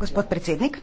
Gospod predsednik.